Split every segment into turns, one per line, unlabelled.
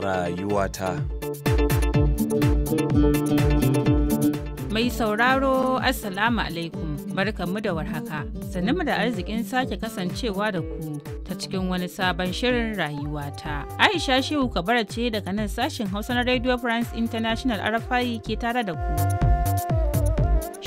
rayuwata.
Mai sauraro Assalamu alaikum barkanmu da warhaka mu da arzikin sake kasancewa da ku ta cikin wani sabon shirin rayuwata. Aisha Shehu Kabara ce daga nan sashen Hausa na Radio France International RFI ke tare da ku.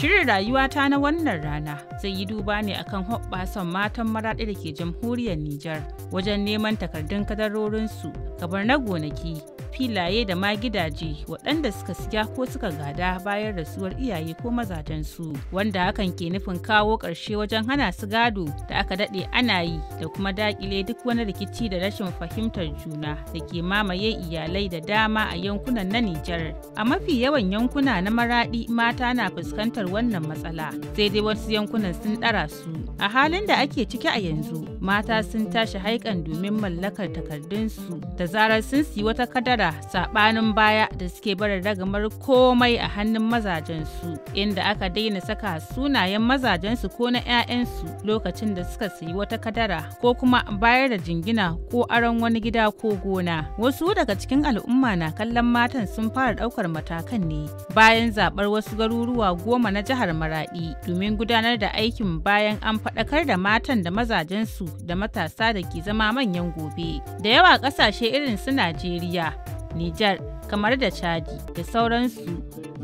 Shirin rayuwata na wannan rana zai yi duba ne akan hoɓɓasan matan maraɗi da ke jamhuriyar Nijar wajen neman takardun kadarorinsu gabar na gonaki filaye da ma gidaje waɗanda suka siya ko suka gada bayan rasuwar iyaye ko mazajensu wanda hakan ke nufin kawo ƙarshe wajen hana su gado da aka daɗe ana yi da kuma daƙile duk wani rikici da rashin fahimtar juna da ke mamaye iyalai da dama a yankunan na Nijar. A mafi yawan yankuna na maraɗi mata na fuskantar wannan matsala sai dai wasu yankunan sun ɗara su. A halin da ake ciki a yanzu mata sun tashi haikan domin mallakar takardunsu da zarar sun siyi wata kadara al'amura saɓanin baya da suke barin ragamar komai a hannun mazajensu inda aka daina saka sunayen mazajensu ko na 'ya'yansu lokacin da suka sayi wata kadara ko kuma bayar da jingina ko aron wani gida ko gona wasu daga cikin al'umma na kallon matan sun fara ɗaukar matakan ne bayan zabar wasu garuruwa goma na jihar maraɗi domin gudanar da aikin bayan an faɗakar da matan da mazajensu da matasa da ke zama manyan gobe da yawa ƙasashe irin su najeriya Nijar, kamar da Chadi da sauransu.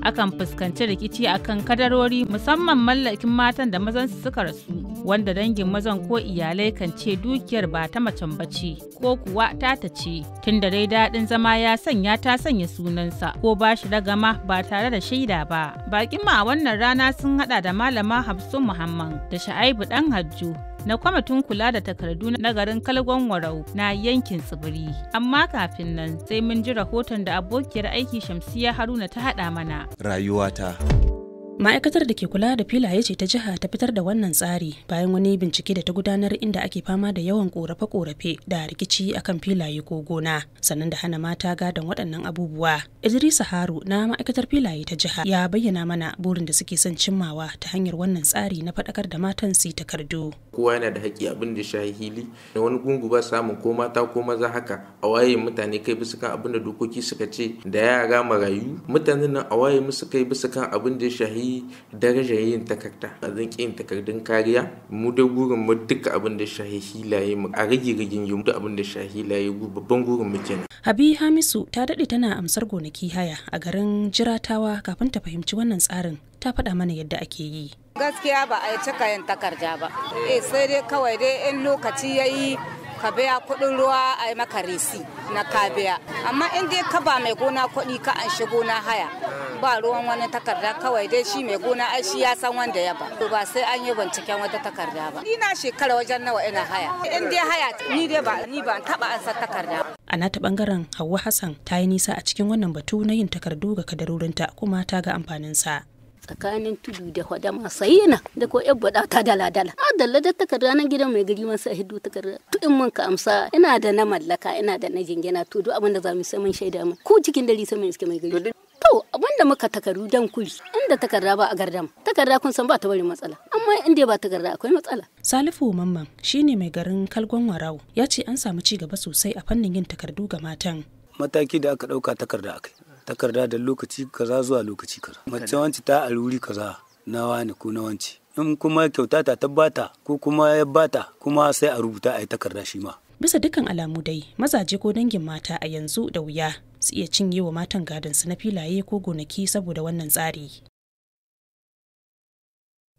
Akan fuskanci rikici akan kadarori musamman mallakin matan da mazansu suka rasu. wanda dangin mazan ko iyalai kan ce dukiyar ba ta macen bace ko kuwa ta ta ce tunda dai daɗin zama ya sanya ta sanya sunansa ko ba shi ragama ba tare da shaida ba bakin ma a wannan rana sun haɗa da malama hafsu muhammad da sha'aibu dan hajju na kwamitin kula da takardu na garin kalgon warau na yankin tsibiri amma kafin nan sai mun ji rahoton da abokiyar aiki shamsiya haruna ta haɗa
mana rayuwata ma'aikatar da ke kula da filaye ce ta jiha ta fitar da wannan tsari bayan wani bincike da ta gudanar inda ake fama da yawan korafe-korafe da rikici akan filaye ko gona sannan da hana mata gadon waɗannan abubuwa idrisa haru na ma'aikatar filaye ta jiha ya bayyana mana burin da suke son cimmawa ta hanyar wannan tsari na faɗakar da matan su takardu
kowa yana da haƙƙi abin da shahi hili da wani gungu ba samun ko mata ko maza haka a waye mutane kai bisa kan abin da dokoki suka ce da yara marayu mutanen nan a waye musu kai bisa kan abin da shahi daraja darajar yin takarda a zan yin takardun kariya mu da gurin mu duka abin da shahi hilaye mu a rage rigin yi da abin da shahi hilaye babban gurin mu kenan
habi hamisu ta dade tana amsar gonaki haya a garin jiratawa kafin ta fahimci wannan tsarin ta faɗa mana yadda ake yi
gaskiya ba a yi cika yin takarda ba eh sai dai kawai dai in lokaci yayi ka biya kuɗin ruwa a yi maka resi na ka amma in dai ka ba mai gona kuɗi ka an shi gona haya ba ruwan wani takarda kawai dai shi mai gona ai shi ya san wanda ya ba ba sai an yi binciken wata takarda ba ni na shekara wajen nawa ina haya in dai haya ni dai ba ni ba taba an san takarda
a nata bangaren Hauwa Hassan ta yi nisa a cikin wannan batu na yin takardu ga kadarorinta kuma ta ga amfanin sa
tsakanin tudu da sai sayyana da ko yabba da ta dala dala a dalla da takarda na gidan mai gari masa hiddu takarda to in mun ka amsa ina da na mallaka ina da na jingina tudu abinda abin za mu sai mun shaida mu ku cikin dari sai mun iske mai gari To abinda muka takardu dan kuri inda takarda ba a gardam takarda kun san ba ta bari matsala amma inda ba takarda akwai matsala.
Salifu Mamman shine mai garin Kalgon Warau ya ce an samu ci gaba sosai a fannin yin takardu ga matan.
Mataki da aka ɗauka takarda akai takarda da lokaci kaza zuwa lokaci kaza mace wanci ta a kaza na wani ko na wanci in kuma kyauta ta tabbata ko kuma ya bata kuma sai a rubuta a yi takarda shi ma.
bisa dukkan alamu dai mazaje ko dangin mata a yanzu da wuya su iya cinye wa matan gadansu na filaye ko gonaki saboda wannan tsari.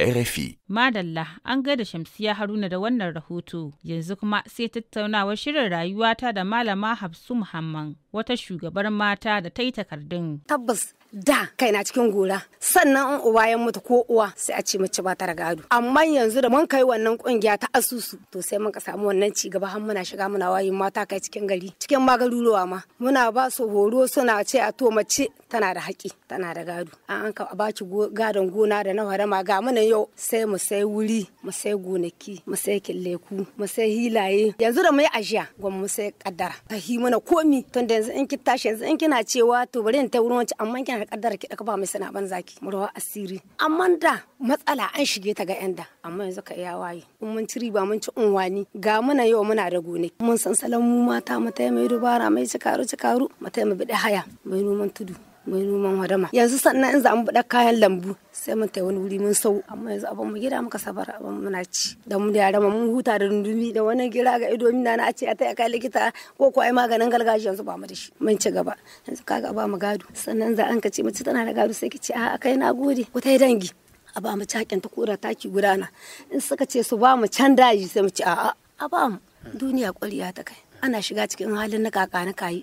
RFI.
Madalla an gaida Shamsiya Haruna da wannan rahoto yanzu kuma sai tattaunawar shirin rayuwata da Malama Hafsu Muhammad wata shugabar mata da ta yi takardun.
Tabbas da kaina cikin gora sannan in uba ya mutu ko uwa sai a ce mace ba ta gado amma yanzu da mun kai wannan kungiya ta asusu to sai mun ka samu wannan ci gaba har muna shiga muna wayin mata kai cikin gari cikin magaruruwa ma muna ba su horo suna ce a to mace tana da haƙi tana da gado an ka baki gadon gona da na harama ga mana yau sai mu sai wuri mu sai gonaki mu sai killeku mu sai hilaye yanzu da mu yi ajiya gwam mu sai kaddara ta hi muna komi tunda yanzu in ki tashi yanzu in kina cewa to bari in ta wurin wancan amma kina da kaddara ki ba mai sana ban zaki murwa asiri amma da matsala an shige ta ga yan da amma yanzu ka iya waye in mun ciri ba mun ci unwani ga muna yau muna da gonaki mun san salon mata mata mai dubara mai cikaru cikaru mata mai bidi haya mai noman tudu mai noman hadama yanzu sannan in za mu buɗa kayan lambu sai mun tai wani wuri mun sau amma yanzu abin mu gida muka sabar abin muna ci da mu da mun huta da rundumi da wani gira ga ido mina na a ce a kai likita ko ko ai maganin gargajiya yanzu ba mu da shi mun ci gaba yanzu kaga ba mu gado sannan za an ka ce mace tana da gado sai ki ce a kai na gode ku tai dangi a ba mu cakin ta kura taki gudana in suka ce su ba mu can daji sai mu ci a'a a ba mu duniya kwaliya ta kai ana shiga cikin halin na kaka na kayi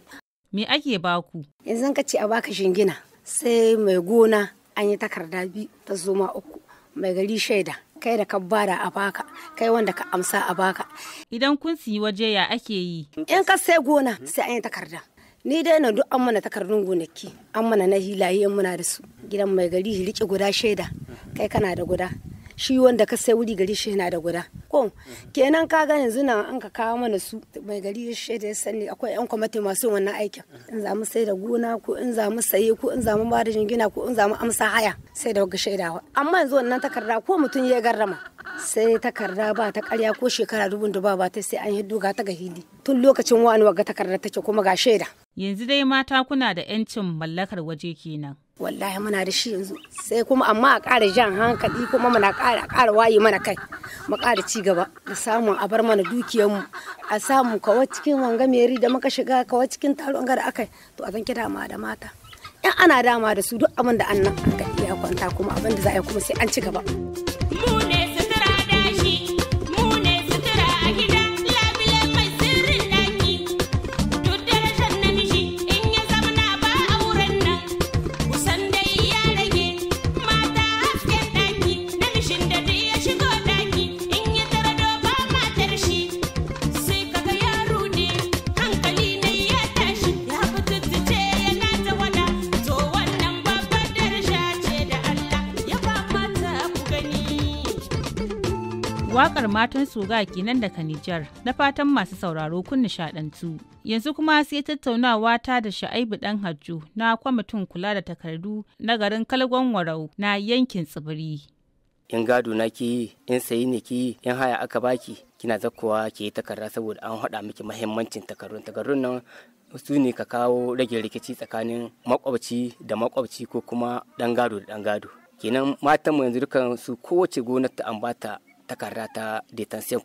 Me ake baku?
Yanzu ka ce a baka shingina sai mai gona an yi takarda biyu ta zoma uku mai gari shaida kai da ka bada a baka kai wanda ka amsa a baka.
Idan kun siyi waje ya ake yi?
In ka sai gona sai an yi takarda. Ni dai na duk an mana takardun gonaki an mana na hilaye muna da su gidan mai gari riƙe guda shaida kai kana da guda shi wanda ka sai wuri gari shi yana da guda ko kenan ka ga yanzu nan an ka kawo mana su mai gari shi da sani akwai yan kwamati masu wannan aikin in za mu sai da gona ko in za mu saye ko in za mu ba da jingina ko in za mu amsa haya sai da wagga shaidawa amma yanzu wannan takarda ko mutum ya garrama sai takarda ba ta karya ko shekara dubun da ba ta sai an yi duga ta ga hili tun lokacin wani ga takarda take kuma ga shaida
yanzu dai mata kuna da 'yancin mallakar waje kenan
wallahi muna da shi yanzu sai kuma amma a ƙara jan hankali kuma muna ƙara ƙara waye mana kai mu ƙara ci gaba da samun a bar mana mu a samu kawa cikin wanga meri da muka shiga kawa cikin taron gara akai aka to a zanki dama da mata in ana dama da su duk abin da an nan iya kwanta kuma abin da za a yi kuma sai an ci gaba.
Wakar matan soga kenan daga Nijar na fatan masu sauraro kun nishadantu. Yanzu kuma sai tattaunawa ta da Sha'ibu Dan Hajju na kwamitin kula da takardu na garin Kalgon Warau na yankin Tsibiri.
in gado na yi in sayi ne ki in haya aka baki kina zakkowa ke yi takarda saboda an haɗa miki mahimmancin takardun takardun nan su ne ka kawo rage rikici tsakanin makwabci da makwabci ko kuma dan gado da dan gado kenan matan yanzu dukan su kowace gonar ta ambata takarda ta detention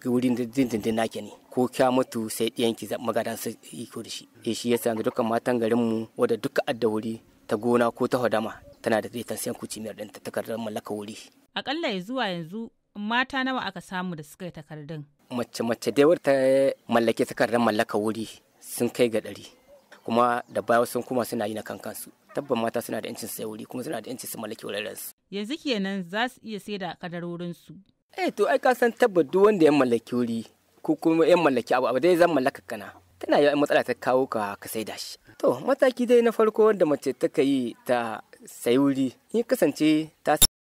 ga wurin dindindin nake ne ko kya mutu sai zaɓi magadan su iko da shi e shi yasa da dukkan matan garin mu wadda duka adda wuri ta gona ko ta hadama tana da detention miyar ɗin ta takardar mallaka wuri
akalla ya zuwa yanzu mata nawa aka samu da suka yi takardun
mace mace da yawar ta mallake takardar mallaka wuri sun kai ga ɗari kuma da bayan sun kuma suna yi na kankansu tabban mata suna da yancin sai wuri kuma suna da yancin su mallaki wuraren su
yanzu kenan za su iya da kadarorinsu.
Eh to ai ka san tabbas duk wanda ya mallaki wuri ko kuma ya mallaki abu abu dai zan mallaka kana tana yawan matsala ta kawo ka ka da shi. To mataki dai na farko wanda mace ta yi ta sayi wuri in kasance ta